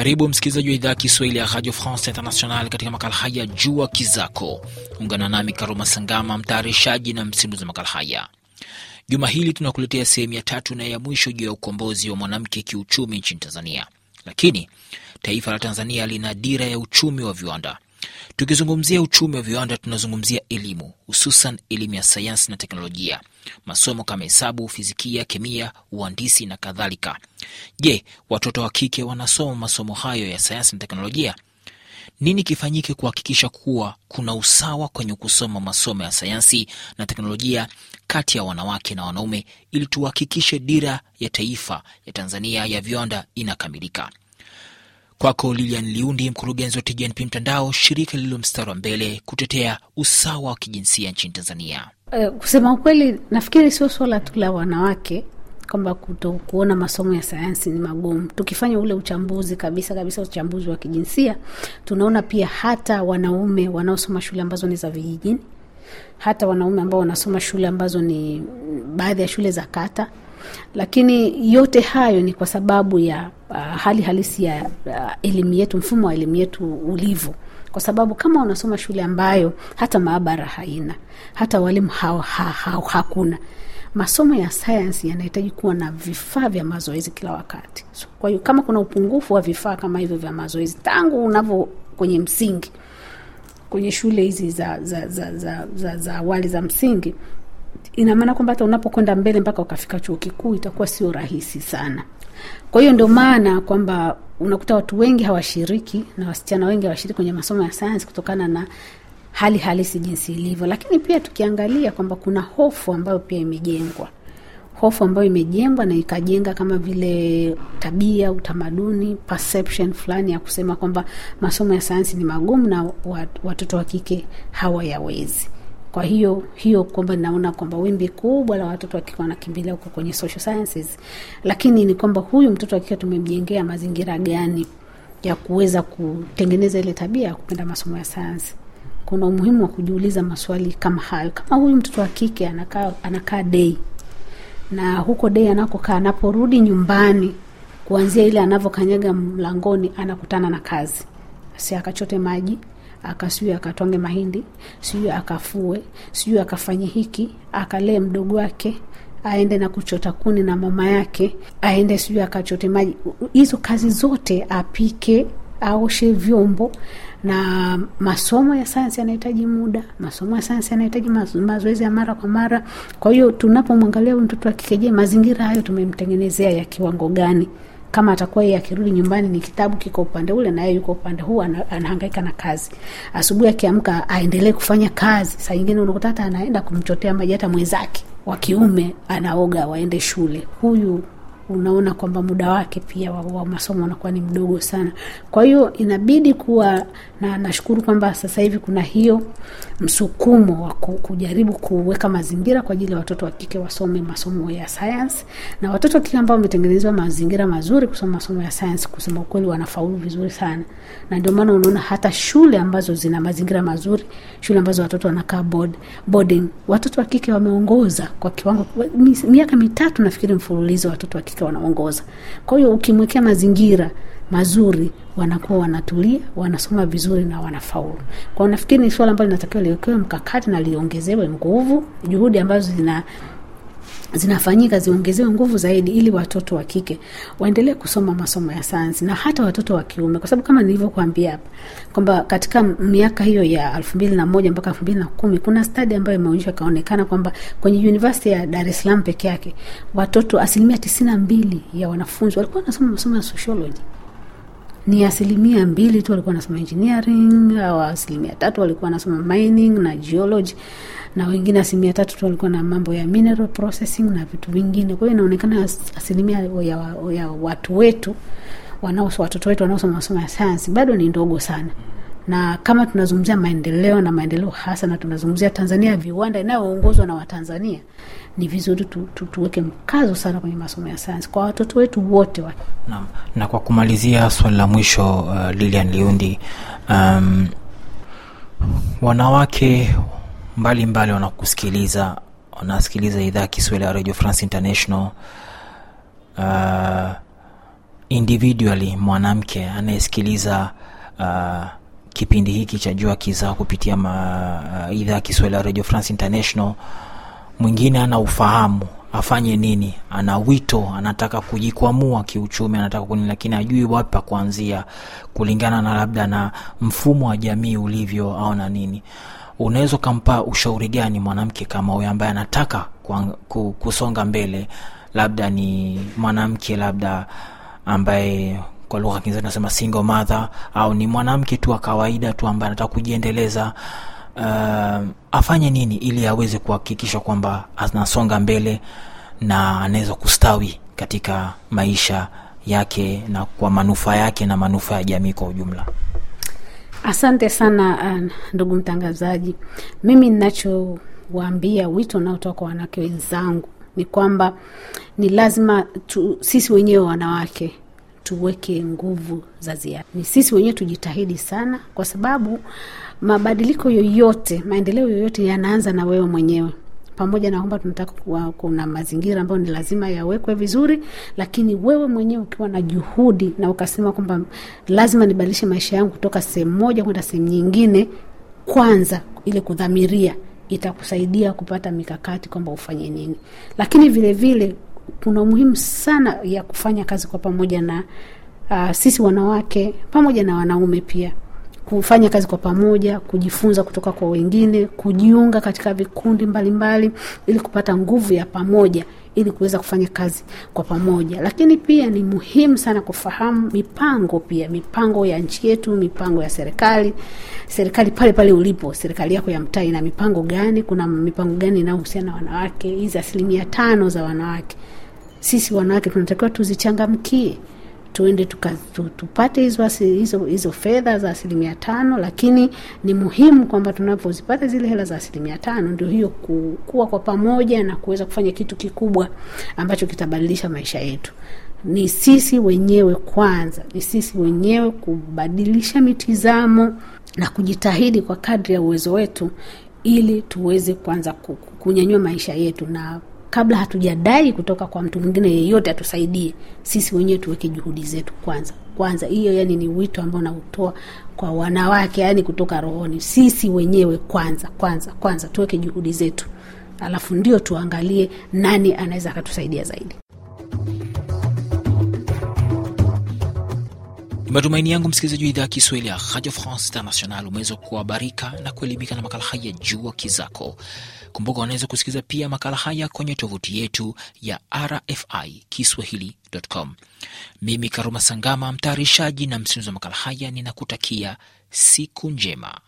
Karibu msikilizaji wa idhaa Kiswahili ya Radio France International katika makala haya Jua Kizako. Ungana nami Karoma Sangama, mtayarishaji na msimulizi wa makala haya. Juma hili tunakuletea sehemu ya tatu na ya mwisho juu ya ukombozi wa mwanamke kiuchumi nchini Tanzania. Lakini taifa la Tanzania lina dira ya uchumi wa viwanda Tukizungumzia uchumi wa viwanda, tunazungumzia elimu, hususan elimu ya sayansi na teknolojia, masomo kama hesabu, fizikia, kemia, uhandisi na kadhalika. Je, watoto wa kike wanasoma masomo hayo ya sayansi na teknolojia? Nini kifanyike kuhakikisha kuwa kuna usawa kwenye kusoma masomo ya sayansi na teknolojia kati ya wanawake na wanaume ili tuhakikishe dira ya taifa ya Tanzania ya viwanda inakamilika? Kwako Lilian Liundi, mkurugenzi wa TGNP Mtandao, shirika lililo mstari wa mbele kutetea usawa wa kijinsia nchini Tanzania. Uh, kusema ukweli, nafikiri sio swala tu la wanawake kwamba kuto kuona masomo ya sayansi ni magumu. Tukifanya ule uchambuzi kabisa kabisa, uchambuzi wa kijinsia, tunaona pia hata wanaume wanaosoma shule ambazo ni za vijijini, hata wanaume ambao wanasoma shule ambazo ni baadhi ya shule za kata lakini yote hayo ni kwa sababu ya uh, hali halisi ya uh, elimu yetu, mfumo wa elimu yetu ulivyo kwa sababu kama unasoma shule ambayo hata maabara haina hata walimu ha, ha, ha, hakuna, masomo ya sayansi yanahitaji kuwa na vifaa vya mazoezi kila wakati. So, kwa hiyo kama kuna upungufu wa vifaa kama hivyo vya mazoezi tangu unavyo kwenye msingi, kwenye shule hizi za za za za za awali za msingi, ina maana kwamba hata unapokwenda mbele mpaka ukafika chuo kikuu itakuwa sio rahisi sana. Kwa hiyo ndio maana kwamba unakuta watu wengi hawashiriki na wasichana wengi hawashiriki kwenye masomo ya sayansi kutokana na hali halisi jinsi ilivyo. Lakini pia tukiangalia kwamba kuna hofu ambayo pia imejengwa, hofu ambayo imejengwa na ikajenga kama vile tabia, utamaduni, perception fulani ya kusema kwamba masomo ya sayansi ni magumu na watoto wa kike hawayawezi. Kwa hiyo hiyo kwamba naona kwamba wimbi kubwa la watoto wa wanakimbilia huko kwenye social sciences, lakini ni kwamba huyu mtoto wa tumemjengea mazingira gani ya kuweza kutengeneza ile tabia ya kupenda masomo ya sayansi. Kuna umuhimu wa kujiuliza maswali kama hayo, kama huyu mtoto wa kike anakaa anakaa dei na huko dei anakokaa, anaporudi nyumbani, kuanzia ile anavyokanyaga mlangoni, anakutana na kazi, si akachote maji akasiu akatwange mahindi, siu akafue, siu akafanye hiki, akalee mdogo wake aende na kuchota kuni na mama yake, aende sijui akachote maji, hizo kazi zote, apike, aoshe vyombo. Na masomo ya sayansi yanahitaji muda, masomo ya sayansi yanahitaji mazoezi ya mara kwa mara. Kwa hiyo tunapomwangalia mtoto akikejee mazingira hayo tumemtengenezea ya kiwango gani? kama atakuwa yeye akirudi nyumbani ni kitabu kiko upande ule na yeye yuko upande huu, anahangaika na kazi. Asubuhi akiamka aendelee kufanya kazi, saa nyingine unakuta hata anaenda kumchotea maji hata mwenzake wa kiume anaoga waende shule. Huyu unaona kwamba muda wake pia wa, wa masomo unakuwa ni mdogo sana. Kwa hiyo inabidi kuwa na, nashukuru kwamba sasa hivi kuna hiyo msukumo wa kujaribu kuweka mazingira kwa ajili ya watoto wa kike wasome masomo ya sayansi, na watoto wa kike ambao wametengenezwa mazingira mazuri kusoma masomo ya sayansi, kusema ukweli, wanafaulu vizuri sana, na ndio maana unaona hata shule ambazo zina mazingira mazuri, shule ambazo watoto wanakaa board, boarding, watoto wa kike wameongoza kwa kiwango, miaka mitatu nafikiri mfululizo watoto wa kike wanawake wanaongoza. Kwa hiyo ukimwekea mazingira mazuri wanakuwa wanatulia, wanasoma vizuri na wanafaulu. Kwa nafikiri ni suala ambalo linatakiwa liwekewe mkakati na liongezewe nguvu, juhudi ambazo zina zinafanyika ziongezewe nguvu zaidi ili watoto wa kike waendelee kusoma masomo ya sayansi na hata watoto wa kiume, kwa sababu kama nilivyokuambia hapa kwamba katika miaka hiyo ya elfu mbili na moja mpaka elfu mbili na kumi kuna stadi ambayo imeonyesha ikaonekana kwamba kwenye University ya Dar es Salaam peke yake watoto asilimia tisini na mbili ya wanafunzi walikuwa wanasoma masomo ya sociology ni asilimia mbili tu walikuwa wanasoma engineering au asilimia tatu walikuwa wanasoma mining na geology na wengine asilimia tatu tu walikuwa na mambo ya mineral processing na vitu vingine. Kwa hiyo inaonekana asilimia ya, ya watu wetu wanaos watoto wetu wanaosoma masomo ya sayansi bado ni ndogo sana na kama tunazungumzia maendeleo na maendeleo hasa, na tunazungumzia Tanzania ya viwanda inayoongozwa na Watanzania, ni vizuri tu, tu, tuweke mkazo sana kwenye masomo ya sayansi kwa watoto wetu wote wa. Na, na kwa kumalizia swali la mwisho uh, Lilian Liundi, um, wanawake mbalimbali wanakusikiliza, wanasikiliza idhaa ya Kiswahili ya Radio France International uh, individually mwanamke anayesikiliza uh, kipindi hiki cha Jua kizao kupitia uh, idhaa ya Kiswahili ya Radio France International. Mwingine ana ufahamu afanye nini, ana wito, anataka kujikwamua kiuchumi, anataka kuni, lakini ajui wapi pa kuanzia, kulingana na labda na mfumo wa jamii ulivyo au na nini. Unaweza ukampa ushauri gani mwanamke kama huyo ambaye anataka kusonga mbele, labda ni mwanamke labda ambaye kwa lugha ya Kiingereza tunasema single mother, au ni mwanamke tu wa kawaida tu ambaye anataka kujiendeleza uh, afanye nini ili aweze kuhakikisha kwamba anasonga mbele na anaweza kustawi katika maisha yake na kwa manufaa yake na manufaa ya jamii kwa ujumla. Asante sana uh, ndugu mtangazaji. Mimi ninachowaambia, wito unaotoa kwa wanawake wenzangu ni kwamba ni lazima tu, sisi wenyewe wanawake tuweke nguvu za ziada, ni sisi wenyewe tujitahidi sana, kwa sababu mabadiliko yoyote, maendeleo yoyote yanaanza na wewe mwenyewe pamoja na kwamba tunataka kuwa kuna mazingira ambayo ni lazima yawekwe vizuri, lakini wewe mwenyewe ukiwa na juhudi na ukasema kwamba lazima nibadilishe maisha yangu kutoka sehemu moja kwenda sehemu nyingine, kwanza ile kudhamiria itakusaidia kupata mikakati kwamba ufanye nini, lakini vilevile kuna umuhimu sana ya kufanya kazi kwa pamoja na uh, sisi wanawake pamoja na wanaume pia kufanya kazi kwa pamoja, kujifunza kutoka kwa wengine, kujiunga katika vikundi mbalimbali mbali, ili kupata nguvu ya pamoja ili kuweza kufanya kazi kwa pamoja. Lakini pia ni muhimu sana kufahamu mipango pia, mipango ya nchi yetu, mipango ya serikali. Serikali pale pale ulipo, serikali yako ya mtaa ina mipango gani? Kuna mipango gani inayohusiana na wanawake, hizi asilimia tano za wanawake sisi wanawake tunatakiwa tuzichangamkie, tuende tuka, tu, tupate hizo, hizo, hizo fedha za asilimia tano. Lakini ni muhimu kwamba tunapozipata zile hela za asilimia tano, ndio hiyo kuwa kwa pamoja na kuweza kufanya kitu kikubwa ambacho kitabadilisha maisha yetu. Ni sisi wenyewe kwanza, ni sisi wenyewe kubadilisha mitizamo na kujitahidi kwa kadri ya uwezo wetu ili tuweze kwanza kunyanyua maisha yetu na kabla hatujadai kutoka kwa mtu mwingine yeyote atusaidie, sisi wenyewe tuweke juhudi zetu kwanza kwanza. Hiyo yani ni wito ambao nautoa kwa wanawake, yani kutoka rohoni, sisi wenyewe kwanza kwanza kwanza tuweke juhudi zetu, alafu ndio tuangalie nani anaweza akatusaidia zaidi. Ni matumaini yangu msikilizaji wa idhaa ya Kiswahili ya Radio France International umeweza kuhabarika na kuelimika na makala haya juu wa kizako. Kumbuka, unaweza kusikiliza pia makala haya kwenye tovuti yetu ya RFI Kiswahili.com. Mimi Karuma Sangama, mtayarishaji na msimulizi wa makala haya, ninakutakia siku njema.